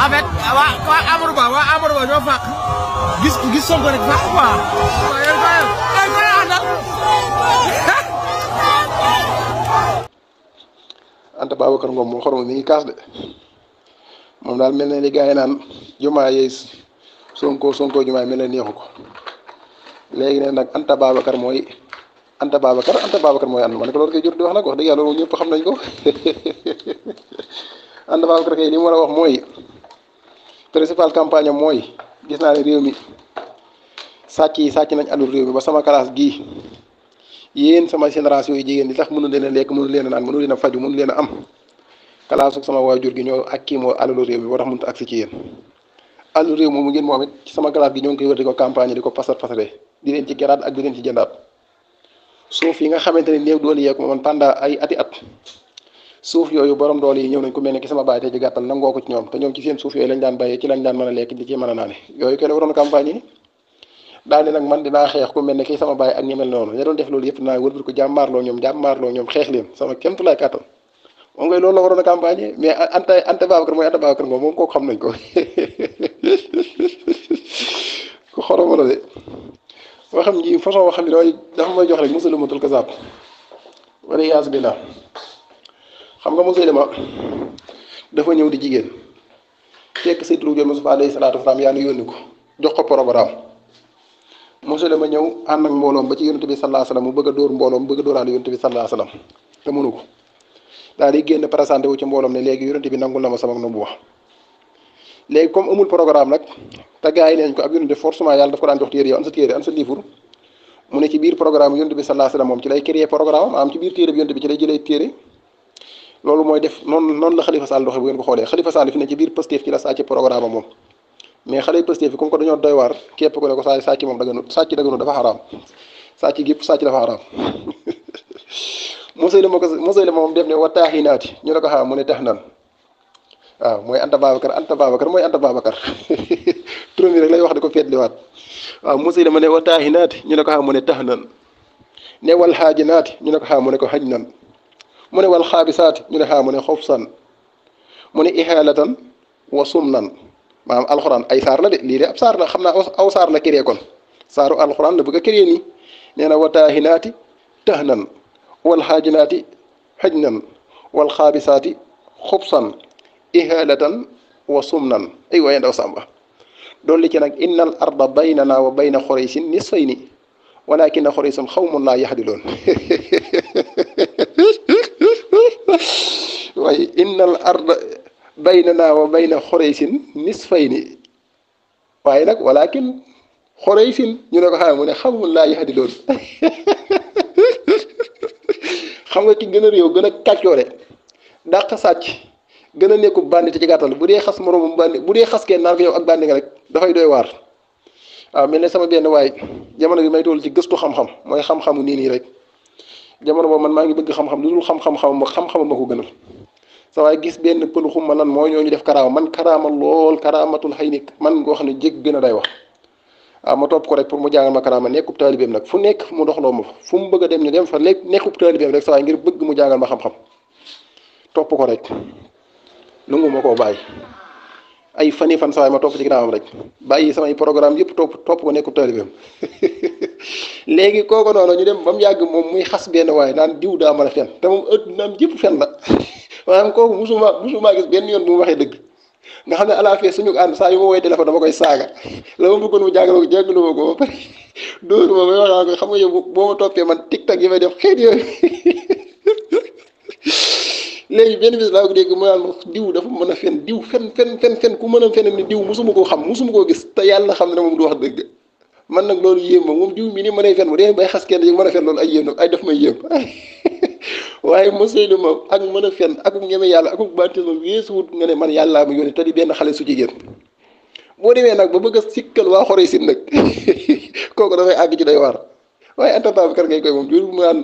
en fait waa waa Ba waa Amadou Ba ñoo fàq gis gis Sonko rek fàq quoi. Anta Babacar Ngom moo xoromu mi kaas de moom daal mel na ni gars yi naan jumaa yeey Sonko Sonko jumaa mel na neexu ko léegi ne nag Anta Babacar mooy Anta Babacar Anta Babacar mooy ànd ma ne ko loolu koy jur di wax nag wax xam nañ ko Anta Babacar kay li mu war wax mooy. principal campagne am mooy gis naa ne réew mi sàcc yi sàcc nañ alul réew mi ba sama classe gii yéen sama génération yi jigéen di tax mënu leen a lekk mënu leen a naan mënu leen a faju mënu leen a am classe sama waajur gi ñoo ak kii moo alalu réew mi boo tax ak agsi ci yéen alalu réew moomu ngeen moom it sama classe gi ñoo ngi koy wër di ko campagne di ko pasar pasare di leen ci geraat ak di leen ci jëndaat suuf yi nga xamante ne néew doole yeeku man pendant ati at suuf yooyu borom doole yi ñëw nañ ku mel ne ki sama baay tey ji gàttal nangoo ko ci ñoom te ñoom ci seen suuf yooyu lañ daan bàyyee ci lañ daan mën a lekk di ci mën a naane yooyu kenn waroon campagne yi daal nag man dinaa xeex ku mel ne ki sama baay ak ñi mel noonu ña doon def loolu yëpp ko jàmmaarloo ñoom jàmmaarloo ñoom xeex leen sama kéem tolluwaay kàttan moom ngay loolu la waroon a campagne mais anta anta Babacar mooy anta Babacar moom moom kooku xam nañ ko ku xoroma la de waxam ji façon waxam bi dafa jox rek mosalu matul ko sàpp wala yaas bi la xam nga Musaylima dafa ñëw di jigéen fekk Seydina Diop Mustafa alayhi salaatu wa salaam yaa ngi yónni ko jox ko programme Musaylima ñëw ànd ak mbooloom ba ci yonent bi sallallahu alayhi wasallam bëgg a dóor mbooloom a dóoraale bi sallallahu alayhi ko daal di génn présenté wu ci mbooloom ne léegi bi nangul na ma sama nubuwa léegi comme amul programme nag te gars yi neen ko ab yonent forcément daf ko daan jox téere yow am sa téere am sa livre mu ne ci biir programme yonent bi sallallahu alayhi wasallam bi ci lay jëlee téere loolu mooy def noonu noonu la xalifa Sall doxee bu ngeen ko xoolee Khalifa Sall fi ne ci biir Pastef ci la sàcc programme am moom mais xale Pastef yi comme que dañoo doy waar képp ko ne ko saa moom dafa xaraam sàcc gépp sàcc dafa xaraam mosay la moo ko mosay moom def ne wa taaxi naati ñu ne ko xaa mu ne tax nan waaw mooy Anta Babacar Anta mooy Anta Babacar turam lay wax di ko feetliwaat waaw mosay la ma ne wa taaxi naati ñu ne ko xaa ne tax nan ne wal xaaji naati ñu ne ko xaa mu ne ko xaj nan mu ne wal xaabisaati ñu ne xaa mu ne xof san mu ne ihaalatan wa sumnan maanaam alxuraan ay saar la de lii de ab saar la xam aw saar la kiree kon saaru alxuraan la bëgg a kiree nii nee na wa taahinaati tahnan wal xaajinaati xajnan wal xaabisaati xubsan ihaalatan wa sumnan ay waaye ndaw sàmba dolli ci nag innal arda baynana wa bayna xoraysin nisfayni walakin xoraysun xawmun laa yaxdiloon ay innal arda baynana wa bayna xoreysin nisfayni waaye nag walakin xoreysin ñu ne ko xam mu ne xamul laa yaxadi nga ki gën a réew gën a kàccoore dàq sàcc gën nekku bandi te ci gàttal bu dee xas moroomam bandi bu dee xas kenn naan ko yow ak bandi nga rek dafay doy waar waaw mel ne sama benn waay jamono bi may toll ci gëstu xam-xam mooy xam-xamu nii nii rek jamono boobu man maa ngi bëgg xam-xam lu dul xam-xam-xam ko gënal sa gis benn pël xumma lan mooy ñu def karaama man karaama lool karaamatul xëy ni man goo xam ne jég gën a day wax waaw ah, ma topp ko rek pour mu jàngal ma karaama nekkub taalibeem nag fu nekk mu doxloo ma fa fu mu bëgg a dem ñu dem fa lekk nekkub taalibeem sa ngir bëgg mu jàngal ma xam topp ko rek nangu ma koo bàyyi ay fani fan sawaay ma topp ci ginnaawam rek bàyyi samay programme yëpp topp topp ko nekkub taalibeem léegi kooku noonu ñu dem ba mu yàgg moom muy xas benn waaye naan diw daa mën a fen te moom ëtt naam yëpp fen la maanaam kooku musuma musuma gis benn yoon bu mu waxee dëgg nga xam ne à la fin suñu ànd saa yu ma woy téléphone dama koy saaga la ma bëggoon mu jàngal ko ko ba pare xam nga yow boo ma toppee man tiktak yi may def xeet yooyu léegi benn bis laa ko dégg mu naan diw dafa mën a fen diw fen fen fen ku mën a fen ni diw musuma koo xam musuma koo gis te yàlla xam ne moom du wax dëgg man nag loolu yéem moom diw mi ni mën a fen bu bay xas yi mën a loolu ay yéem ay def may yëpp waaye Musaylima ak mën a fen ak ñeme yàlla ak baatisme weesu wut nga ne man yàllaa ma yónni te di benn xale su jigéen boo demee nag ba bëgg a sikkal waa xoree sin nag kooku dafay àgg ci day waar waaye antataabi kar ngay koy moom jur mu naan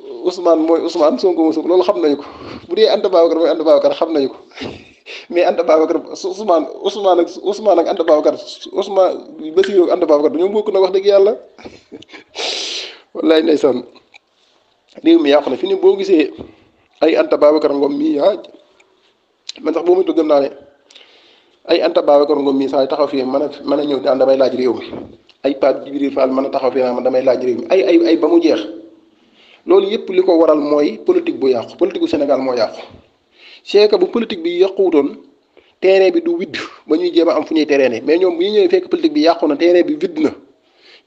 Ousmane mooy Ousmane Sonko mooy Sonko loolu xam nañu ko bu dee Anta Babacar mooy Anta Babacar xam nañu ko mais Anta Babacar Ousmane Ousmane ak Ousmane ak Anta Babacar Ousmane Bassirou ak Anta Babacar dañoo bokk nag wax dëgg yàlla wallaay ndeysaan réew mi yàqu na fi ni boo gisee ay Anta Babacar Ngom mii ah man sax boo moytu gëm naa ne ay Anta Babacar ngoom mii saa taxaw fii mën a mën a ñëw daan damay laaj réew mi ay Pape Djibril Fall man a taxaw fii man damay laaj réew mi ay ay ay ba mu jeex loolu yëpp li ko waral mooy politique bu yàqu politique bu Sénégal moo yàqu c'est que bu politique bi yàquwutoon terrain bi du widd ba ñuy jéem a am fu ñuy mais ñoom bu ñëwee fekk politique bi yàqu na terrain bi widd na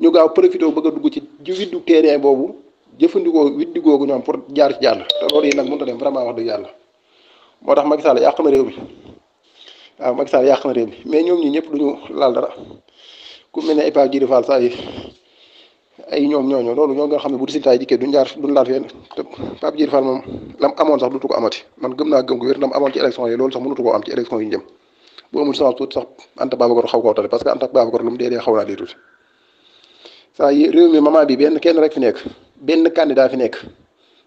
ñu gaaw profité bëgg a dugg ci ji widdu terrain boobu. jëfandikoo witti googu ñoom pour jaar ci jàll te loolu yi nag mënut a dem vraiment wax moo tax Macky Sall yàq na réew mi waaw Macky Sall yàq na réew mi dara ku mel ne ay Pape Djibril amoon sax dutu ko amati man gëm naa gëm ci élection yi loolu sax mënutu koo am ci élection yi jëm bu amul semence tuuti sax Anta Babacar xaw koo tale parce que Anta Babacar lu mu dee dee xaw naa dee tuuti saa réew mi moment bi benn kenn rek fi nekk benn candidat fi nekk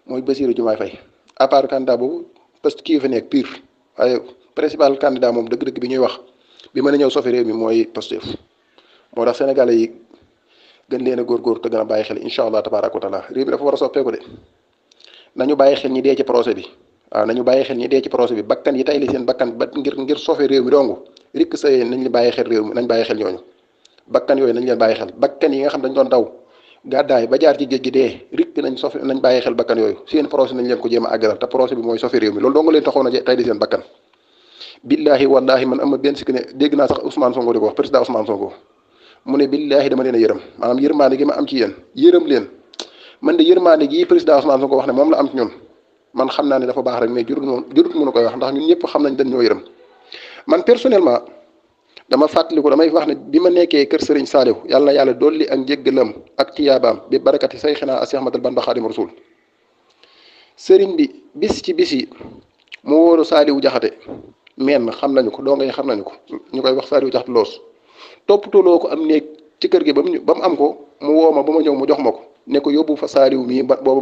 mooy Bassirou Diomaye fay à part candidat boobu parce que kii fi nekk pur waaye principal candidat moom dëgg-dëgg bi ñuy wax bi mën a ñëw sofi réew mi mooy Pastef moo tax sénégalais yi gën leen a góorgóor te gën a bàyyi xel incha allah war a soppeeku de nañu bàyyi xel ñi dee ci procès bi waaw nañu bàyyi xel ñi dee ci procès bi bakkan yi tey li seen bakkan ba ngir ngir sofi réew mi dong rikk sa nañ li bàyyi xel réew mi nañ bàyyi xel ñooñu bakkan yooyu nañ leen bàyyi xel bakkan yi nga xam dañ doon daw gàddaay ba jaar ci géej gi dee rikk nañ sofi nañ bàyyi xel bakkan yooyu seen projet nañ leen ko jéem a àggalal te projet bi mooy sofi réew mi loolu dong leen taxoon a tey di seen am na benn sikk leen a yërëm maanaam yërmaande gi ma am ci yéen yërëm leen man de yërmaande wax moom am ci ñun man xam naa ne dafa baax rek mais jurut moom jurut mënu koy wax ndax ñun ñëpp xam dama ko damay wax ne bi ma nekkee kër sëriñ saaliw yàlla yàlla dolli ak njéggalam ak tiyaabaam bi barakati say xinaa Seex Ahmadu Bamba Xaadimu Rasuul sëriñ bi bis ci bis yi mu wóoru saaliw jaxate meen xam nañu ko doo ngay xam nañu ko ñu koy wax saaliw jaxate loos toppatuloo ko am néeg ci kër gi am ko mu woo ma ba ma ñëw mu jox a ko ne ko ma saaliw ma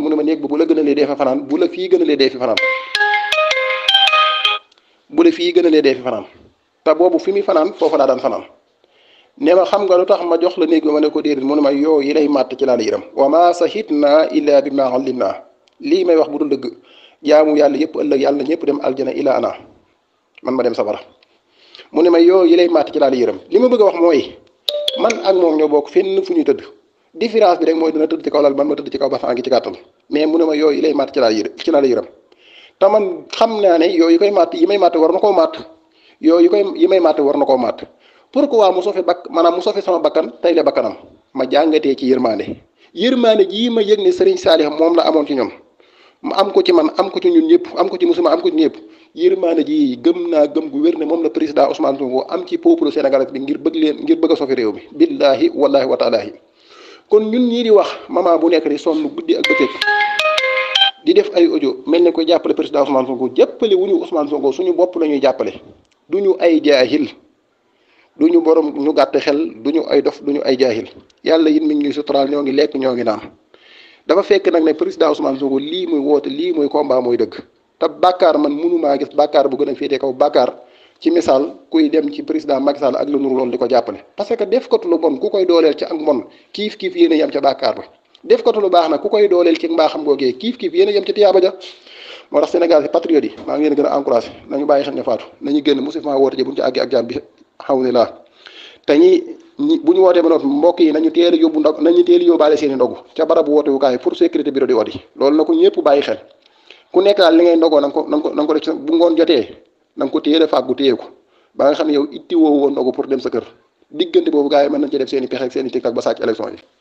mu ne ma néeg bu bu la gën a lee dee fa fanaan bu la fii gën a fi fanaan bu la fii gën a lee dee fi fanaan te boobu fi muy fanaan foofa daa daan fanaan ne ma xam nga lu tax ma jox la néeg bi ma ne ko déedéet mu ne yow yi lay màtt ci laa la yëram wa ma sahit naa illaa bi ma naa lii may wax bu dul dëgg jaamu yàlla yëpp ëllëg yàlla ñëpp dem aljana ila ana man ma dem sabara mu ne ma yow yi lay màtt ci laa la yëram li ma bëgg a wax mooy man ak moom ñoo bokk fenn fu ñuy tëdd différence bi rek mooy dina tëdd ci kaw lal man ma tëdd ci kaw basan gi ci gàttal mais mu ne ma yow lay màtt ci laa la yëram ci laa te man xam naa ne yooyu koy maat yi may màtt war na koo maat yooyu koy yi may màtt war na koo màtt pourquoi mu sofe bakk maanaam mu sofe sama bakkan tey la bakkanam ma jàngatee ci yërmaande yërmaande jii ma yëg ne Serigne Saliou moom la amoon ci ñoom ma am ko ci man am ko ñun ñëpp am ko ci musuma am ko ci ñëpp yërmaande ji gëm naa gëm gu wér ne moom la président Ousmane Sonko am ci peuple sénégalais bi ngir bëgg leen ngir bëgg a sofi réew mi billaahi wallaahi wa taalaahi kon ñun ñii di wax mama bu nekk di sonn guddi ak bëccëg di def ay ojo mel ne koy jàppale président Ousmane Sonko jàppale wuñu Ousmane Sonko suñu bopp lañuy jàppale du ñu ay jaahil ñu borom ñu gàtt xel ñu ay dof duñu ay jaahil yàlla it mi ngi ñuy suturaal ñoo ngi lekk ñoo ngi naan dafa fekk nag ne président Ousmane Sonko lii muy woote lii muy combat mooy dëkk te bàkkaar man mënumaa gis bàkkaar bu gën a féetee kaw bàkkaar ci misaal kuy dem ci président Macky ak la nuru loolu di ko jàppale parce que def katu lu bon ku koy dooleel ci ak mbon kiif kiif yéen a ca bàkkaar def ko lu baax na ku koy dooleel ci mbaaxam googee kiif kiif yéen a yem ci tiyaaba ja moo tax Sénégal si patriote yi maa ngi leen a encouragé nañu bàyyi xel ñu ci àggee ak yi nañu teel yóbbu ndog nañu teel a yóbbaale seen i ndogu ca barabu wootewukaay pour sécurité bureau di odi loolu na ko ñëpp bàyyi xel ku nekk daal li ngay ndogoo na nga ko na ko na ko def bu ngoon jotee na nga ko téye la fàggu téye ko ba nga xam ne yow itti woowu woon ndogu pour dem sa kër diggante boobu gars yi mën nañ ci def seen i pexe ak seen i tiktak ba sàcc élection yi